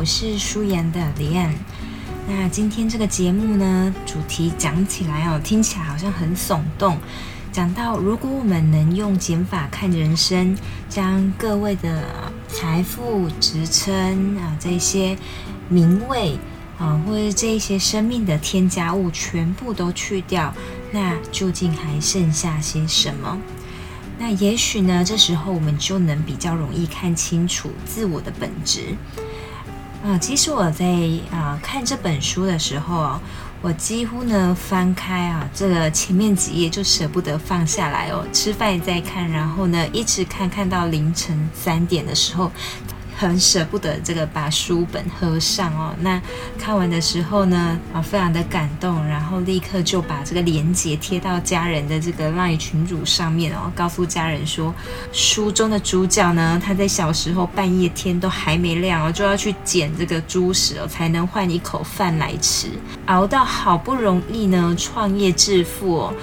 我是書研的李艷。那今天這個節目呢，主題講起來哦，聽起來好像很聳動。講到如果我們能用減法看人生，將各位的財富、職稱啊這些名位啊，或者這些生命的添加物全部都去掉，那究竟還剩下些什麼？那也許呢，這時候我們就能比較容易看清楚自我的本質。啊，其實我在啊、呃、看這本書的時候啊，我幾乎呢翻開啊這個前面幾頁就舍不得放下來哦，吃飯再看，然後呢一直看，看到凌晨三點的時候。很捨不得這個把書本合上哦，那看完的時候呢，啊、哦，非常的感動，然後立刻就把這個連接貼到家人的這個 LINE 群組上面哦，告訴家人說，書中的主角呢，他在小時候半夜天都還沒亮哦，就要去撿這個豬屎哦，才能換一口飯來吃，熬到好不容易呢創業致富哦，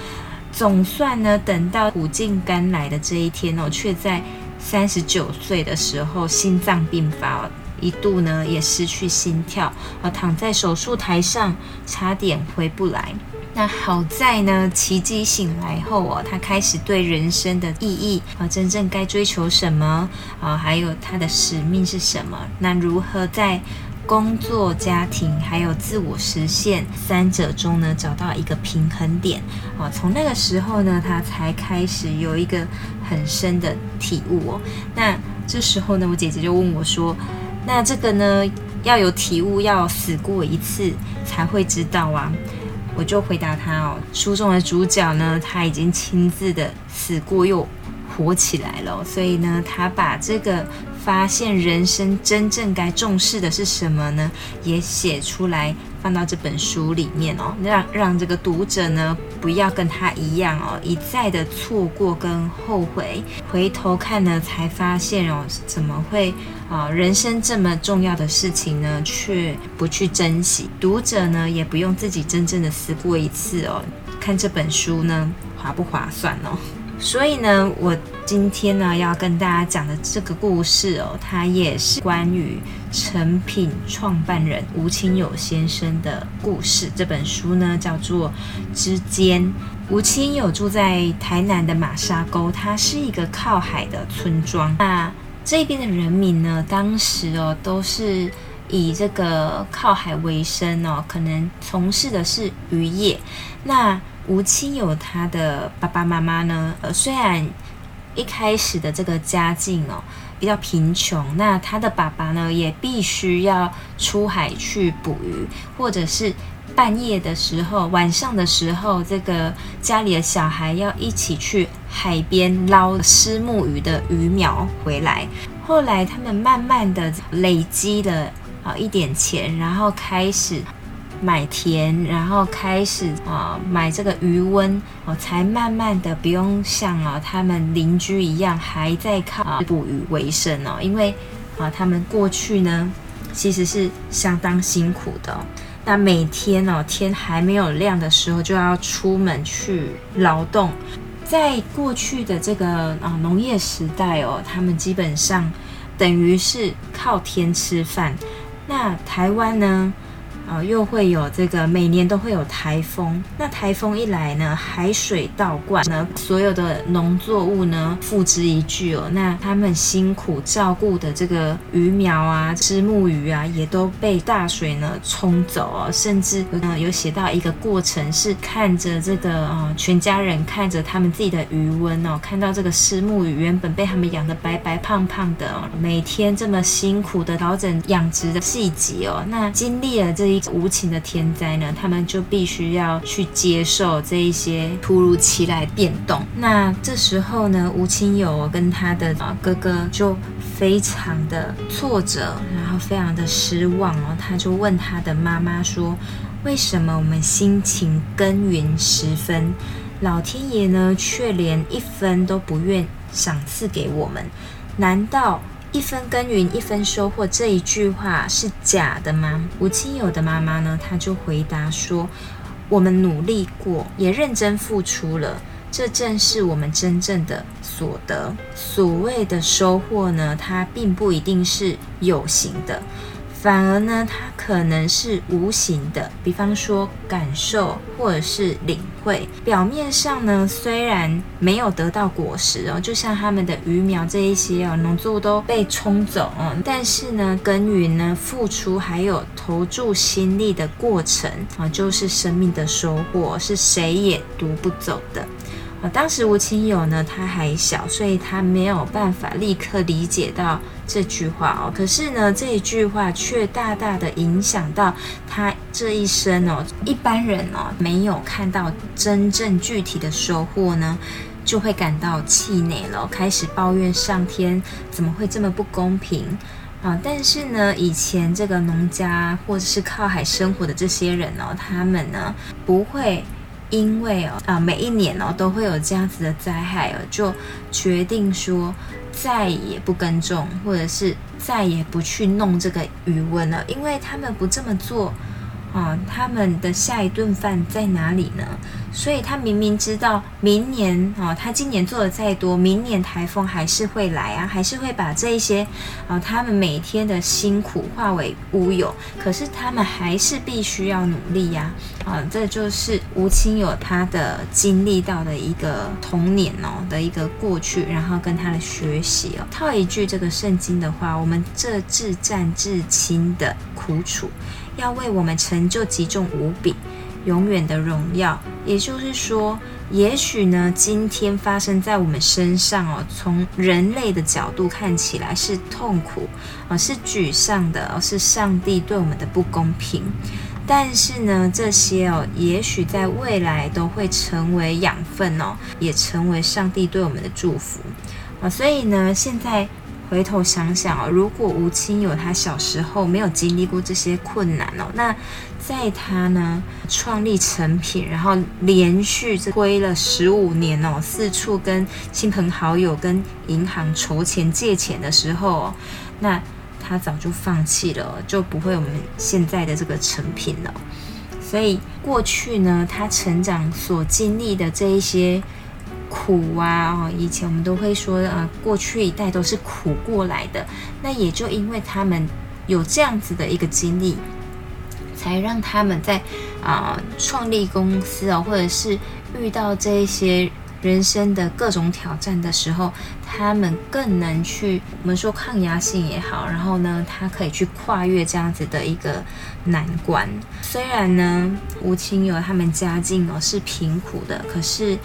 總算呢等到苦盡甘來的這一天哦，卻在。三十九歲的時候，心臟病發，一度呢也失去心跳，啊，躺在手術臺上，差點回不來。那好在呢，奇蹟醒來後哦，他開始對人生的意義啊，真正該追求什麼啊，還有他的使命是什麼？那如何在？工作、家庭還有自我實現三者中呢，找到一個平衡點啊。哦，從那個時候呢，他才開始有一個很深的體悟哦。那這時候呢，我姐姐就問我說：“那這個呢，要有體悟，要死過一次才會知道啊？”我就回答他哦，書中的主角呢，他已經親自的死過又活起來了哦，所以呢，他把這個。發現人生真正該重視的是什麼呢？也寫出來放到這本書裡面哦，讓讓這個讀者呢不要跟他一樣哦，一再的錯過跟後悔。回頭看呢，才發現哦，怎麼會啊、呃，人生這麼重要的事情呢，卻不去珍惜？讀者呢也不用自己真正的思死過一次哦，看這本書呢划不划算哦？所以呢，我。今天呢，要跟大家講的這個故事哦，它也是關於誠品創辦人吳清友先生的故事。這本書呢，叫做《之間》。吳清友住在台南的馬沙溝，它是一個靠海的村莊。那這邊的人民呢，當時哦，都是以這個靠海為生哦，可能從事的是漁業。那吳清友他的爸爸媽媽呢，呃，雖然一開始的這個家境哦，比較貧窮。那他的爸爸呢，也必須要出海去捕魚，或者是半夜的時候、晚上的時候，這個家裡的小孩要一起去海邊撈虱目魚的魚苗回來。後來他們慢慢的累積了啊一點錢，然後開始。買田，然後開始啊、哦、買這個魚塭哦，才慢慢的不用像啊、哦、他們鄰居一樣還在靠、哦、捕魚為生哦。因為啊、哦、他們過去呢，其實是相當辛苦的、哦，那每天哦天還沒有亮的時候就要出門去勞動。在過去的這個啊、哦、農業時代哦，他們基本上等於是靠天吃飯。那台灣呢？啊、哦，又會有這個每年都會有台風，那台風一來呢，海水倒灌呢，所有的農作物呢付之一炬哦。那他們辛苦照顧的這個魚苗啊，虱目魚啊，也都被大水呢沖走哦。甚至、呃、有寫到一個過程是看着這個、呃、全家人看着他們自己的魚塭哦，看到這個虱目魚原本被他們養的白白胖胖的、哦，每天這麼辛苦的調整養殖的細節哦。那經歷了這一。無情的天災呢，他們就必須要去接受這一些突如其來變動。那這時候呢，吳清友跟他的啊哥哥就非常的挫折，然後非常的失望哦。然後他就問他的媽媽說：“為什麼我們辛勤耕耘十分，老天爺呢卻連一分都不願賞賜給我們？難道？”一分耕耘，一分收穫這一句話是假的嗎？吳清友的媽媽呢，她就回答說：“我們努力過，也認真付出了，這正是我們真正的所得。所謂的收穫呢，它並不一定是有形的，反而呢，它可能是無形的，比方說感受或者是領。”表面上呢，雖然沒有得到果實哦，就像他們的魚苗這一些哦，農作物都被沖走哦，但是呢，耕耘呢、付出還有投注心力的過程啊，哦，就是生命的收穫，是誰也奪不走的。當時吳清友呢，他還小，所以他沒有辦法立刻理解到這句話哦。可是呢，這一句話卻大大的影響到他這一生哦。一般人哦，沒有看到真正具體的收穫呢，就會感到氣餒了，開始抱怨上天怎麼會這麼不公平啊。哦。但是呢，以前這個農家或者是靠海生活的這些人呢，哦，他們呢，不會。因為哦啊，每一年哦都會有這樣子的災害哦，就決定說再也不耕種，或者是再也不去弄這個魚塭了，因為他們不這麼做。啊、哦，他們的下一頓飯在哪裡呢？所以他明明知道，明年啊、哦，他今年做的再多，明年台風還是會來啊，還是會把這一些啊、哦，他們每天的辛苦化為烏有。可是他們還是必須要努力呀、啊！啊、哦，這就是吳清友他的經歷到的一個童年哦的一個過去，然後跟他的學習哦，套一句這個聖經的話，我們這至暫至輕的苦楚，要為我們成就極重無比、永遠的榮耀。也就是說，也許呢，今天發生在我們身上哦，從人類的角度看起來是痛苦啊、哦，是沮喪的、哦，是上帝對我們的不公平。但是呢，這些哦，也許在未來都會成為養分哦，也成為上帝對我們的祝福啊、哦。所以呢，現在。回頭想想哦，如果吳清友他小時候沒有經歷過這些困難哦，那在他呢創立誠品，然後連續這推了十五年哦，四處跟親朋好友、跟銀行籌錢借錢的時候哦，那他早就放棄了，就不會我們現在的這個誠品了。所以過去呢，他成長所經歷的這一些。苦啊！哦，以前我們都會說，啊、呃，過去一代都是苦過來的，那也就因為他們有這樣子的一個經歷，才讓他們在啊、呃，創立公司啊、哦，或者是遇到這一些人生的各種挑戰的時候，他們更能去我們說抗壓性也好，然後呢，他可以去跨越這樣子的一個難關。雖然呢，吳清友他們家境哦是貧苦的，可是。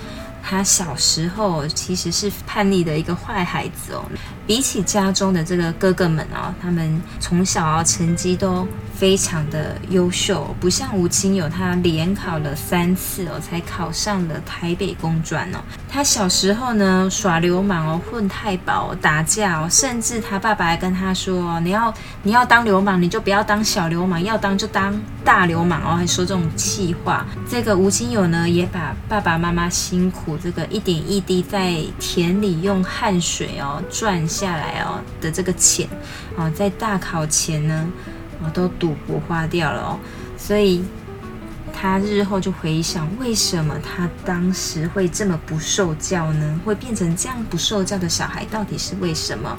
他小時候其實是叛逆的一個壞孩子哦，比起家中的這個哥哥們啊，他們從小啊成績都。非常的優秀，不像吳清友，他連考了三次哦，才考上了台北工專哦。他小時候呢耍流氓哦，混太保、哦、打架哦，甚至他爸爸還跟他說：“你要你要當流氓，你就不要當小流氓，要當就當大流氓哦。”還說這種氣話。這個吳清友呢，也把爸爸媽媽辛苦這個一點一滴在田裡用汗水哦賺下來哦的這個錢哦，在大考前呢。都賭博花掉了哦，所以他日後就回想，為什麼他當時會這麼不受教呢？會變成這樣不受教的小孩，到底是為什麼？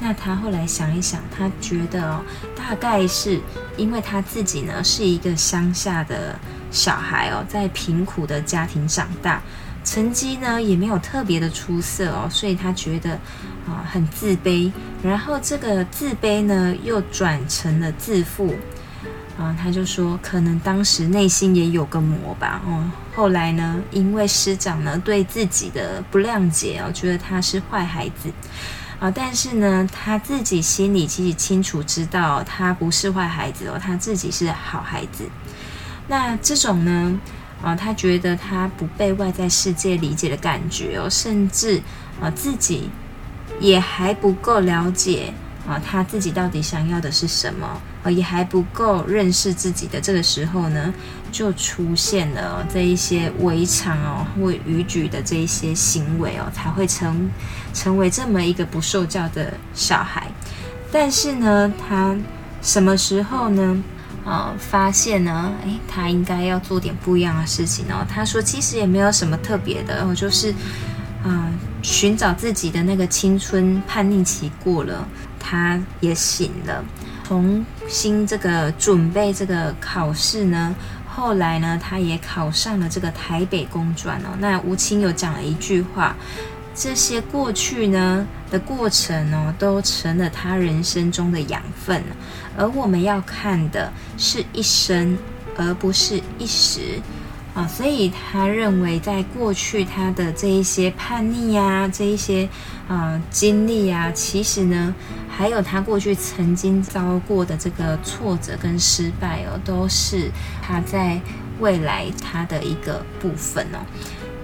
那他後來想一想，他覺得哦，大概是因為他自己呢是一個鄉下的小孩哦，在貧苦的家庭長大，成績呢也沒有特別的出色哦，所以他覺得。啊、哦，很自卑，然後這個自卑呢，又轉成了自負。啊、哦，他就說，可能當時內心也有個魔吧。哦，後來呢，因為師長呢對自己的不諒解啊、哦，覺得他是壞孩子。啊、哦，但是呢，他自己心裡其實清楚知道、哦，他不是壞孩子哦，他自己是好孩子。那這種呢，啊、哦，他覺得他不被外在世界理解的感覺哦，甚至啊、哦，自己。也還不夠了解啊、哦，他自己到底想要的是什麼？呃，也還不夠認識自己的這個時候呢，就出現了、哦、這一些違常哦或逾矩的這一些行為哦，才會成成為這麼一個不受教的小孩。但是呢，他什麼時候呢？啊、哦，發現呢？誒，他應該要做點不一樣的事情哦。他說，其實也沒有什麼特別的，我、哦、就是，啊、呃。尋找自己的那個青春叛逆期過了，他也醒了，重新這個準備這個考試呢。後來呢，他也考上了這個台北工專哦。那吳清友講了一句話：這些過去呢的過程呢、哦，都成了他人生中的養分。而我們要看的是一生，而不是一時。啊、哦，所以他認為，在過去他的這一些叛逆啊，這一些呃經歷啊，其實呢，還有他過去曾經遭過的這個挫折跟失敗哦，都是他在未來他的一個部分哦。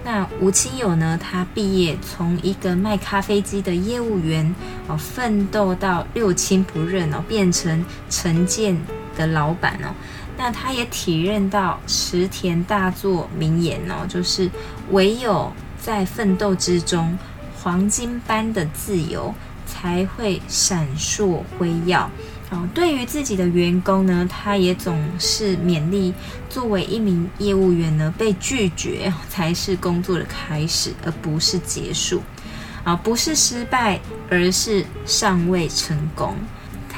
那吳清友呢，他畢業從一個賣咖啡機的業務員哦，奮鬥到六親不認哦，變成誠品的老闆哦。那他也體認到石田大作名言哦，就是唯有在奮鬥之中，黃金般的自由才會閃爍輝耀。哦，對於自己的員工呢，他也總是勉勵，作為一名業務員呢，被拒絕才是工作的開始，而不是結束。啊、哦，不是失敗，而是尚未成功。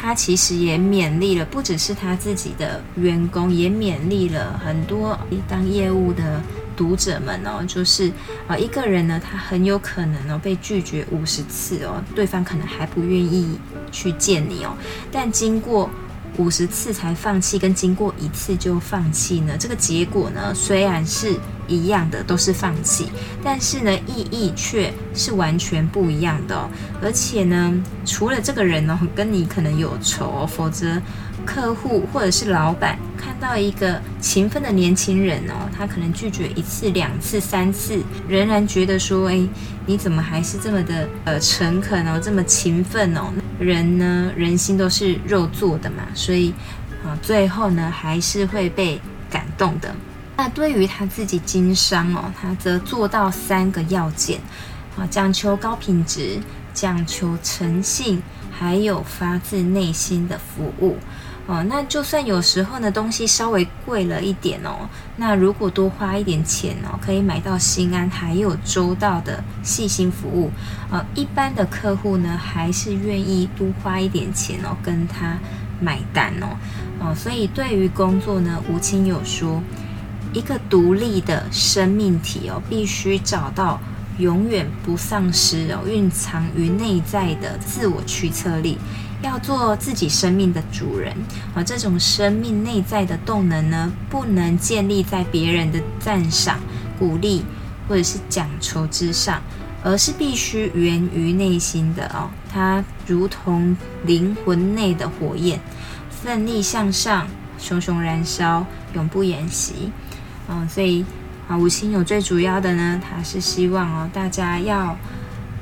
他其實也勉勵了，不只是他自己的員工，也勉勵了很多當業務的讀者們哦。就是啊，一個人呢，他很有可能哦被拒絕五十次哦，對方可能還不願意去見你哦。但經過。五十次才放棄，跟經過一次就放棄呢？這個結果呢，雖然是一樣的，都是放棄，但是呢，意義卻是完全不一樣的哦。而且呢，除了這個人哦，跟你可能有仇哦，否則客戶或者是老板看到一個勤奮的年輕人哦，他可能拒絕一次、兩次、三次，仍然覺得說，哎，你怎麼還是這麼的呃誠懇哦，這麼勤奮哦。人呢，人心都是肉做的嘛，所以啊、哦，最後呢，還是會被感動的。那對於他自己經商哦，他則做到三個要件，啊、哦，講求高品質，講求誠信，還有發自內心的服務。哦，那就算有時候呢，東西稍微貴了一點哦，那如果多花一點錢哦，可以買到心安，還有周到的細心服務，呃、哦，一般的客戶呢，還是願意多花一點錢哦，跟他買單哦，哦，所以對於工作呢，吳清友說，一個獨立的生命體哦，必須找到永遠不喪失哦，蘊藏於內在的自我驅策力。要做自己生命的主人啊、哦！這種生命內在的動能呢，不能建立在別人的讚賞、鼓勵或者是獎酬之上，而是必須源於內心的哦。它如同靈魂內的火焰，奮力向上，熊熊燃燒，永不言棄。嗯、哦，所以啊，吳清友最主要的呢，它是希望哦，大家要。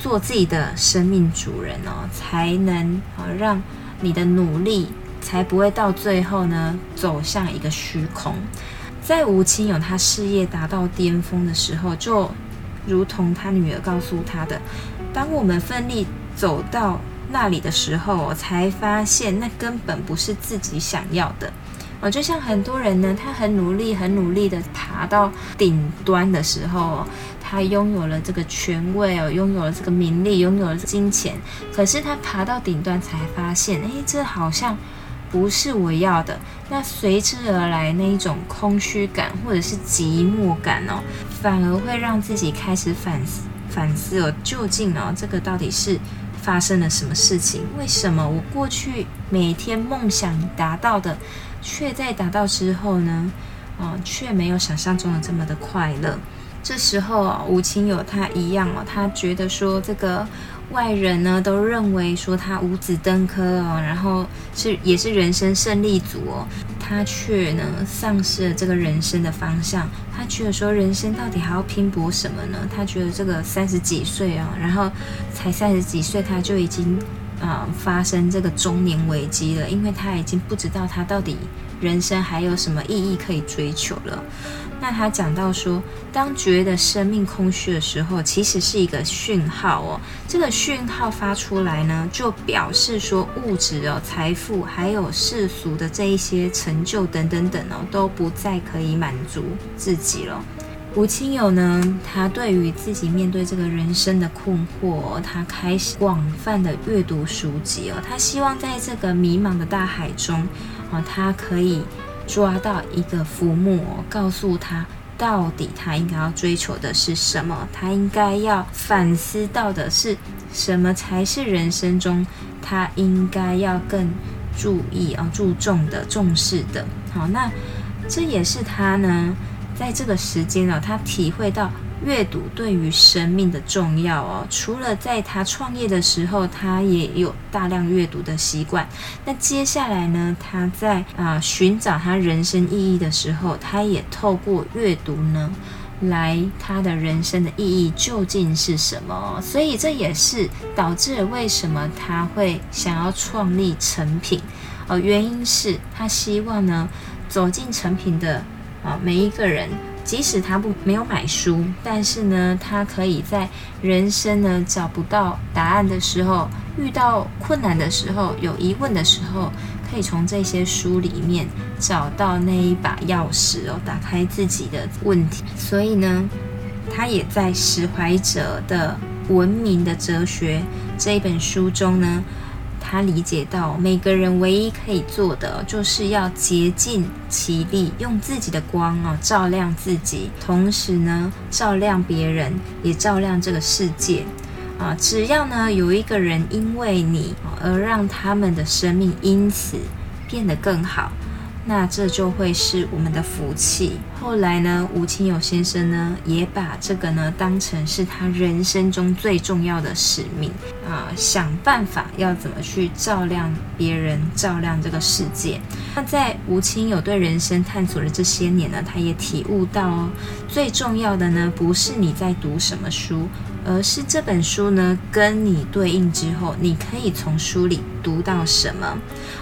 做自己的生命主人哦，才能啊、哦、讓你的努力才不會到最後呢走向一個虛空。在吳清友他事業達到巔峰的時候，就如同他女兒告訴他的：“當我們奮力走到那裡的時候、哦，才發現那根本不是自己想要的。哦”就像很多人呢，他很努力、很努力的爬到頂端的時候、哦。他擁有了這個權位哦，擁有了這個名利，擁有了金錢。可是他爬到頂端才發現，哎，這好像不是我要的。那隨之而來那一種空虛感，或者是寂寞感哦，反而會讓自己開始反思，反思哦，究竟哦，這個到底是發生了什麼事情？為什麼我過去每天夢想達到的，卻在達到之後呢，哦、呃，卻沒有想象中的這麼的快樂？這時候啊，吳清友他一樣哦，他覺得說，這個外人呢都認為說他五子登科哦，然後是也是人生勝利組哦，他卻呢喪失了這個人生的方向。他覺得說人生到底還要拼搏什麼呢？他覺得這個三十幾歲啊，然後才三十幾歲他就已經啊、呃、發生這個中年危機了，因為他已經不知道他到底人生還有什麼意義可以追求了。那他講到說，當覺得生命空虛的時候，其實是一個訊號哦。這個訊號發出來呢，就表示說物質哦、財富還有世俗的這一些成就等等等哦，都不再可以滿足自己了。吳清友呢，他對於自己面對這個人生的困惑，哦，他開始廣泛的閱讀書籍哦。他希望在這個迷茫的大海中哦，他可以。抓到一個浮木，哦，告訴他到底他應該要追求的是什麼，他應該要反思到的是什麼，才是人生中他應該要更注意啊，哦、注重的、重視的。好，那這也是他呢在這個時間啊、哦，他體會到。閱讀對於生命的重要哦，除了在他創業的時候，他也有大量閱讀的習慣。那接下來呢，他在啊、呃、尋找他人生意義的時候，他也透過閱讀呢，來他的人生的意義究竟是什麼、哦？所以這也是導致為什麼他會想要創立誠品，而、呃、原因是他希望呢走進誠品的啊、呃、每一個人，即使他不沒有買書，但是呢，他可以在人生呢找不到答案的時候，遇到困難的時候，有疑問的時候，可以從這些書裡面找到那一把鑰匙哦，打開自己的問題。所以呢，他也在史懷哲的《文明的哲學》這一本書中呢。他理解到，每個人唯一可以做的，就是要竭盡其力，用自己的光哦照亮自己，同時呢，照亮別人，也照亮這個世界。啊，只要呢，有一個人因為你而讓他們的生命因此變得更好，那這就會是我們的福氣。後來呢，吳清友先生呢，也把這個呢，當成是他人生中最重要的使命。啊、呃，想辦法要怎麼去照亮別人，照亮這個世界。那在吳清友對人生探索的這些年呢，他也體悟到哦，最重要的呢，不是你在讀什麼書，而是這本書呢跟你對應之後，你可以從書裡讀到什麼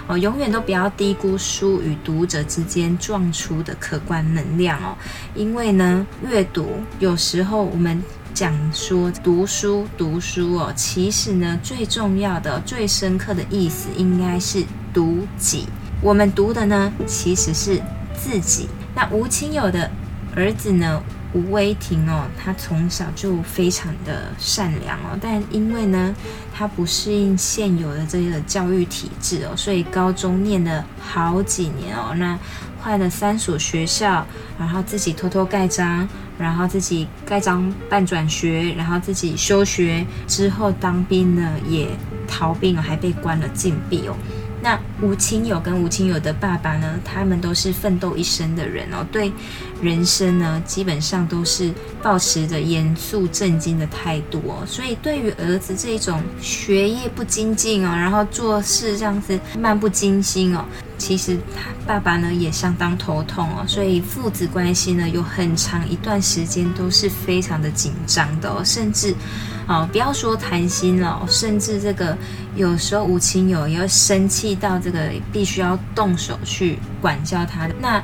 哦。永遠都不要低估書與讀者之間撞出的可觀能量哦，因為呢，閱讀有時候我們。講說讀書讀書哦，其實呢，最重要的、最深刻的意思應該是讀己。我們讀的呢，其實是自己。那吳清友的兒子呢，吳威霆哦，他從小就非常的善良哦，但因為呢，他不適應現有的這個教育體制哦，所以高中念了好幾年哦，那換了三所學校，然後自己偷偷蓋章。然後自己蓋章辦轉學，然後自己休學之後當兵呢，也逃兵了，還被關了禁閉哦。那吳清友跟吳清友的爸爸呢，他們都是奮鬥一生的人哦，對人生呢，基本上都是抱持着嚴肅正經的態度哦。所以對於兒子這種學業不精進哦，然後做事這樣子漫不經心哦，其實他爸爸呢也相當頭痛哦。所以父子關係呢，有很長一段時間都是非常的緊張的哦，甚至。好、哦，不要說談心了、哦，甚至這個有時候吳清友也會生氣到這個必須要動手去管教他。那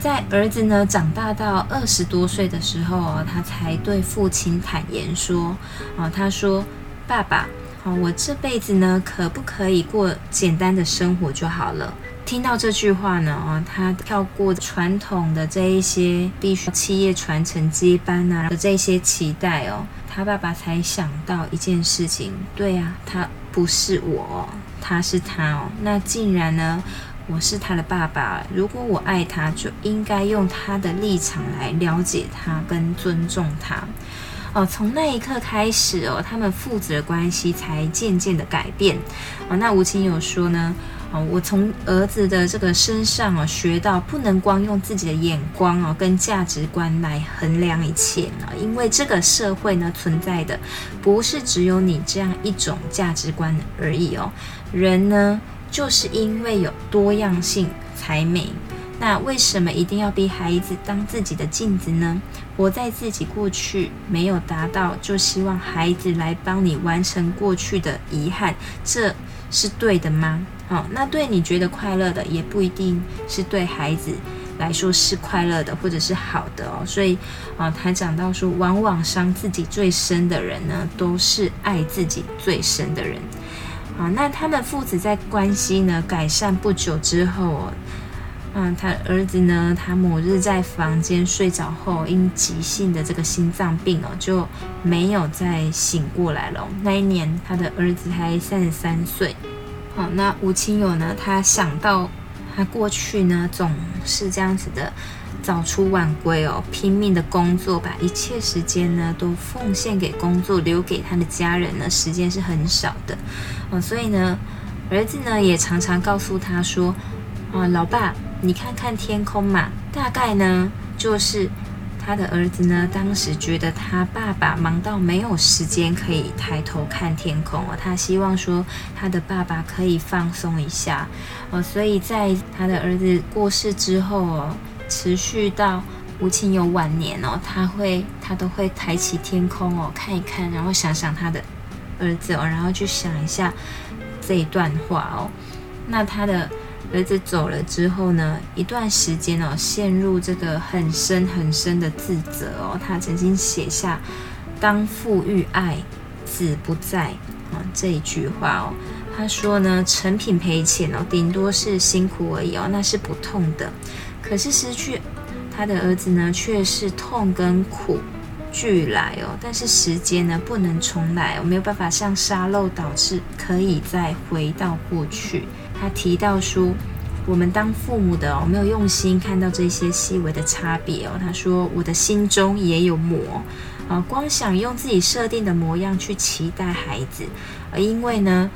在兒子呢長大到二十多歲的時候哦，他才對父親坦言說：“哦，他說爸爸，哦，我這輩子呢可不可以過簡單的生活就好了？”聽到這句話呢，啊、哦，他跳過傳統的這一些必須企業傳承接班啊的這些期待哦，他爸爸才想到一件事情，對啊，他不是我、哦，他是他哦。那既然呢，我是他的爸爸，如果我愛他，就應該用他的立場來了解他跟尊重他。哦，從那一刻開始哦，他們父子的關係才漸漸的改變。哦，那吳清友說呢。哦，我從兒子的這個身上啊、哦、學到不能光用自己的眼光哦跟價值觀來衡量一切呢。因為這個社會呢，存在的不是只有你這樣一種價值觀而已哦。人呢，就是因為有多樣性才美。那為什麼一定要逼孩子當自己的鏡子呢？活在自己過去沒有達到，就希望孩子來幫你完成過去的遺憾，這。是對的嗎？哦，那對你覺得快樂的，也不一定是對孩子來說是快樂的，或者是好的哦。所以，啊、哦，他講到說，往往傷自己最深的人呢，都是愛自己最深的人。啊、哦，那他們父子在關係呢改善不久之後、哦。嗯，他兒子呢，他某日在房間睡着後，因急性的這個心臟病哦，就沒有再醒過來了、哦。那一年，他的兒子才三十三歲。好、哦，那吳清友呢，他想到他過去呢，總是這樣子的早出晚歸哦，拼命的工作，把一切時間呢都奉獻給工作，留給他的家人呢時間是很少的。嗯、哦，所以呢，兒子呢也常常告訴他說：“啊、哦，老爸。”你看看天空嘛，大概呢，就是他的兒子呢，當時覺得他爸爸忙到沒有時間可以抬頭看天空哦，他希望說他的爸爸可以放鬆一下哦，所以在他的兒子過世之後哦，持續到吳清友晚年哦，他會他都會抬起天空哦，看一看，然後想想他的兒子哦，然後去想一下這一段話哦，那他的。兒子走了之後呢，一段時間哦，陷入這個很深很深的自責哦。他曾經寫下“當父欲愛子不在”啊、哦、這一句話哦。他說呢，誠品賠錢哦，頂多是辛苦而已哦，那是不痛的。可是失去他的兒子呢，卻是痛跟苦俱來哦。但是時間呢，不能重來，我沒有辦法像沙漏倒置，可以再回到過去。他提到說，我們當父母的哦，沒有用心看到這些細微的差別哦。他說，我的心中也有魔，啊、呃，光想用自己設定的模樣去期待孩子，而、呃、因為呢，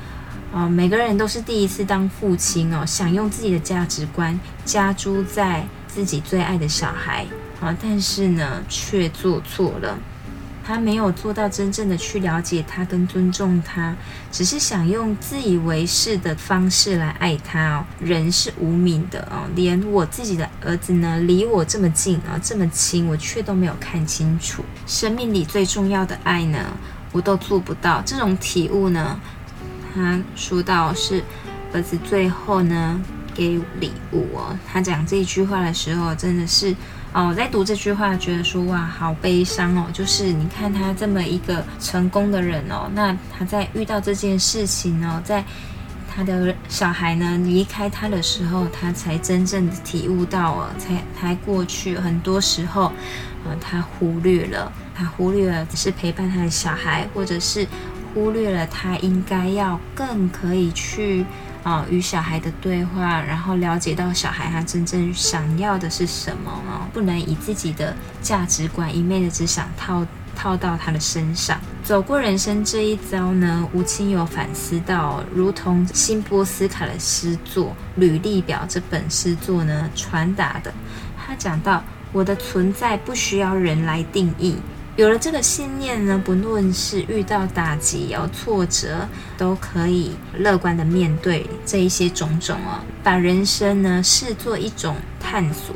啊、呃，每個人都是第一次當父親哦，想用自己的價值觀加諸在自己最愛的小孩啊、呃，但是呢，卻做錯了。他沒有做到真正的去了解他跟尊重他，只是想用自以為是的方式來愛他哦。人是無明的哦，連我自己的兒子呢，離我這麼近啊、哦，這麼親，我卻都沒有看清楚。生命裡最重要的愛呢，我都做不到。這種體悟呢，他說到是兒子最後呢給禮物哦。他講這句話的時候，真的是。哦，在讀這句話，覺得說哇，好悲傷哦。就是你看他這麼一個成功的人哦，那他在遇到這件事情哦，在他的小孩呢離開他的時候，他才真正的體悟到哦，才他過去很多時候嗯、呃，他忽略了，他忽略了是陪伴他的小孩，或者是忽略了他應該要更可以去。哦，與小孩的對話，然後了解到小孩他真正想要的是什麼哦，不能以自己的價值觀 一昧的只想套套到他的身上。走過人生這一遭呢，吳清友反思到，哦，如同辛波斯卡的詩作《履歷表》這本詩作呢，傳達的，他講到我的存在不需要人來定義。有了這個信念呢，不論是遇到打擊、有挫折，都可以樂觀地面對這一些種種哦，把人生呢視作一種探索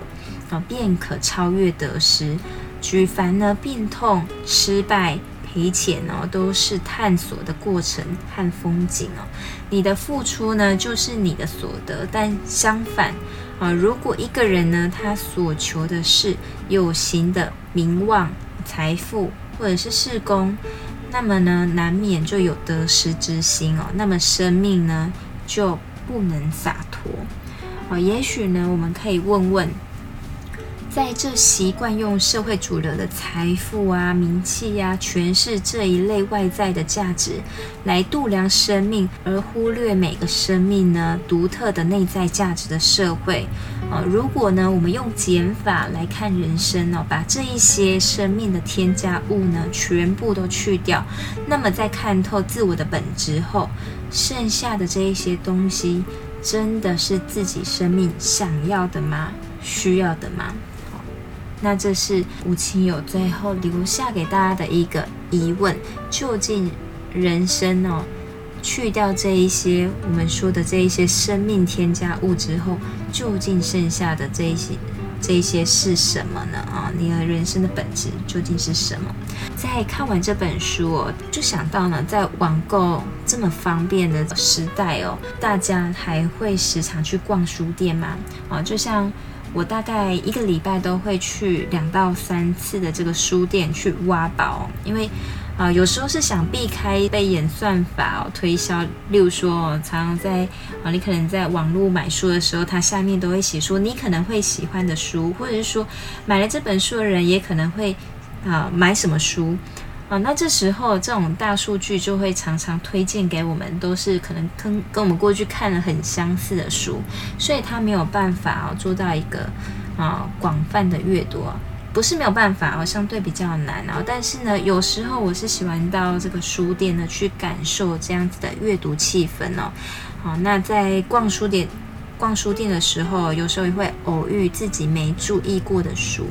啊，便可超越得失。舉凡呢病痛、失敗、賠錢哦，都是探索的過程和風景哦。你的付出呢，就是你的所得。但相反啊，如果一個人呢，他所求的是有形的名望，財富或者是事功，那麼呢，難免就有得失之心哦。那麼生命呢，就不能灑脫哦。也許呢，我們可以問問，在這習慣用社會主流的財富啊、名氣啊，詮釋這一類外在的價值來度量生命，而忽略每個生命呢獨特的內在價值的社會。啊、哦，如果呢，我們用減法來看人生哦，把這一些生命的添加物呢，全部都去掉，那麼在看透自我的本質後，剩下的這一些東西，真的是自己生命想要的嗎？需要的嗎？好、哦，那這是吳清友最後留下給大家的一個疑問：究竟人生呢、哦？去掉這一些我們說的這一些生命添加物之後，究竟剩下的這一些這一些是什麼呢？啊，你的人生的本質究竟是什麼？在看完這本書哦，就想到呢，在網購這麼方便的時代哦，大家還會時常去逛書店嗎？啊，就像我大概一個禮拜都會去兩到三次的這個書店去挖寶，因為，啊、呃，有時候是想避開被演算法、哦、推銷，例如說、哦，常常在啊、哦，你可能在網絡買書的時候，它下面都會寫說你可能會喜歡的書，或者是說買了這本書的人也可能會啊、呃、買什麼書，啊、哦，那這時候這種大數據就會常常推薦給我們都是可能跟跟我們過去看了很相似的書，所以它沒有辦法哦做到一個啊、呃、廣泛的閱讀。不是沒有辦法哦，相對比較難哦。但是呢，有時候我是喜歡到這個書店呢，去感受這樣子的閱讀氣氛哦。好，那在逛書店、逛書店的時候，有時候也會偶遇自己沒注意過的書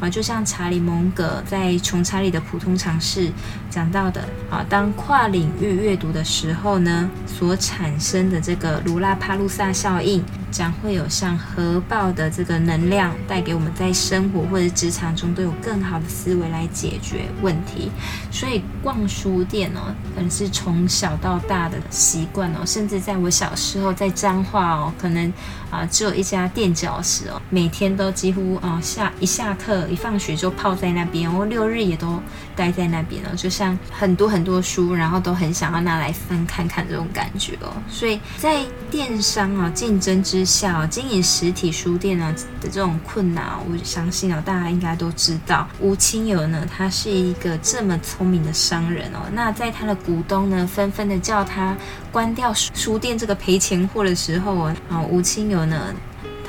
啊。就像查理·蒙格在《窮查理的普通常識》講到的，啊，當跨領域閱讀的時候呢，所產生的這個盧拉帕路薩效應。將會有像核爆的這個能量帶給我們，在生活或者職場中都有更好的思維來解決問題。所以逛書店哦，可能是從小到大的習慣哦，甚至在我小時候在彰化哦，可能啊、呃、只有一家墊腳石哦，每天都幾乎啊、呃、下一下課一放學就泡在那邊、哦，我六日也都待在那邊哦，就像很多很多書，然後都很想要拿來翻看看這種感覺哦。所以在電商啊、哦、競爭之。小經營實體書店呢的這種困難，我相信啊，大家應該都知道。吳清友呢，他是一個這麼聰明的商人哦。那在他的股東呢紛紛的叫他關掉書店這個賠錢貨的時候啊，吳清友呢，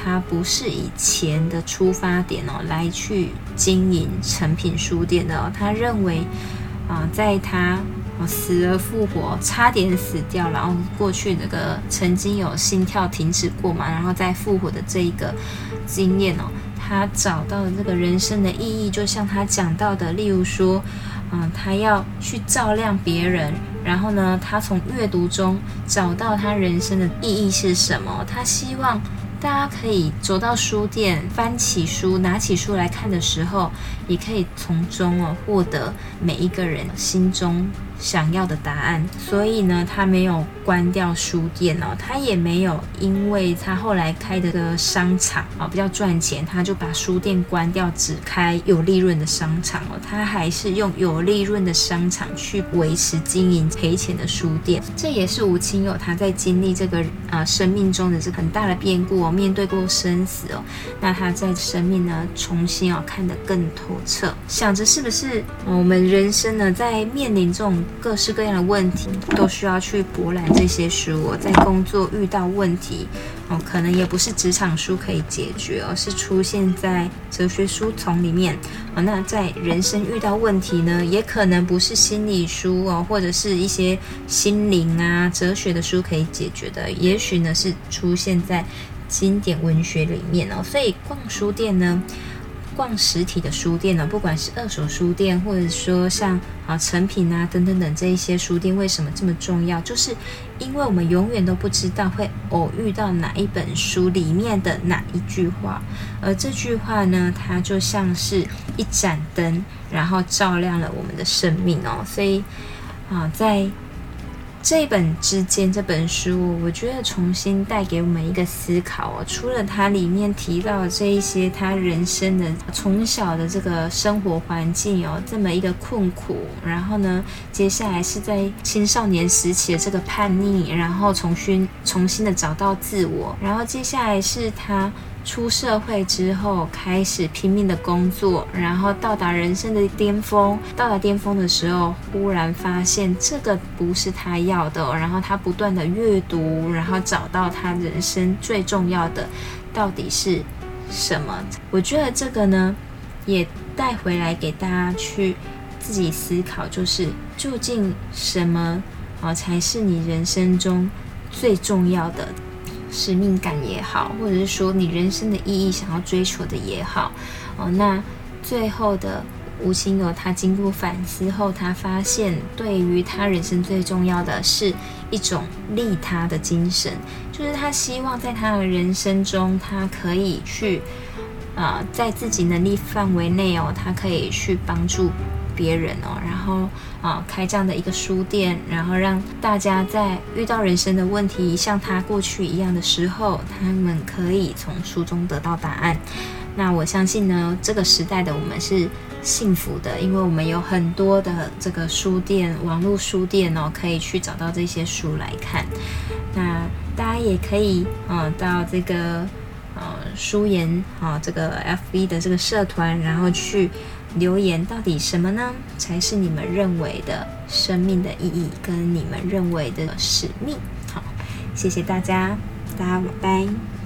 他不是以錢的出發點哦來去經營誠品書店的。哦，他認為啊，在他。哦、死而復活，差點死掉，然後過去那個曾經有心跳停止過嘛，然後再復活的這一個經驗哦，他找到的這個人生的意義，就像他講到的，例如說，嗯，他要去照亮別人，然後呢，他從閱讀中找到他人生的意義是什麼？他希望大家可以走到書店，翻起書，拿起書來看的時候，也可以從中哦獲得每一個人的心中。想要的答案，所以呢，他沒有關掉書店哦，他也沒有，因為他後來開的個商場啊、哦、比較賺錢，他就把書店關掉，只開有利潤的商場哦，他還是用有利潤的商場去維持經營賠錢的書店。這也是吳清友他在經歷這個啊、呃、生命中的這很大的變故哦，面對過生死哦，那他在生命呢重新哦看得更透徹，想着是不是我們人生呢在面臨這種。各式各樣的問題都需要去博覽這些書、哦。在工作遇到問題，哦，可能也不是職場書可以解決、哦，而是出現在哲學書叢裡面、哦。那在人生遇到問題呢，也可能不是心理書哦，或者是一些心靈啊、哲學的書可以解決的。也許呢，是出現在經典文學裡面哦。所以逛書店呢。逛實體的書店呢，不管是二手書店，或者說像啊誠品啊等等等這一些書店，為什麼這麼重要？就是因為我們永遠都不知道會偶遇到哪一本書裡面的哪一句話，而這句話呢，它就像是一盞燈，然後照亮了我們的生命哦。所以啊，在。這一本《之間》這本書，我覺得重新帶給我們一個思考哦。除了它裡面提到的這一些他人生的從小的這個生活環境哦，這麼一個困苦，然後呢，接下來是在青少年時期的這個叛逆，然後重新重新的找到自我，然後接下來是他。出社會之後，開始拼命的工作，然後到達人生的巔峰。到達巔峰的時候，忽然發現這個不是他要的哦。然後他不斷的閱讀，然後找到他人生最重要的到底是什麼。我覺得這個呢，也帶回來給大家去自己思考，就是究竟什麼哦，才是你人生中最重要的。使命感也好，或者是說你人生的意義想要追求的也好，哦，那最後的吳清友，他經過反思後，他發現對於他人生最重要的是一種利他的精神，就是他希望在他的人生中，他可以去啊、呃，在自己能力範圍內哦，他可以去幫助。別人哦，然後啊、哦、開這樣的一個書店，然後讓大家在遇到人生的問題，像他過去一樣的時候，他們可以從書中得到答案。那我相信呢，這個時代的我們是幸福的，因為我們有很多的這個書店、網絡書店哦，可以去找到這些書來看。那大家也可以嗯、哦，到這個呃、哦、書研啊、哦、這個 FB 的這個社團，然後去留言，到底什麼呢？才是你們認為的生命的意義，跟你們認為的使命。好，謝謝大家，大家拜拜。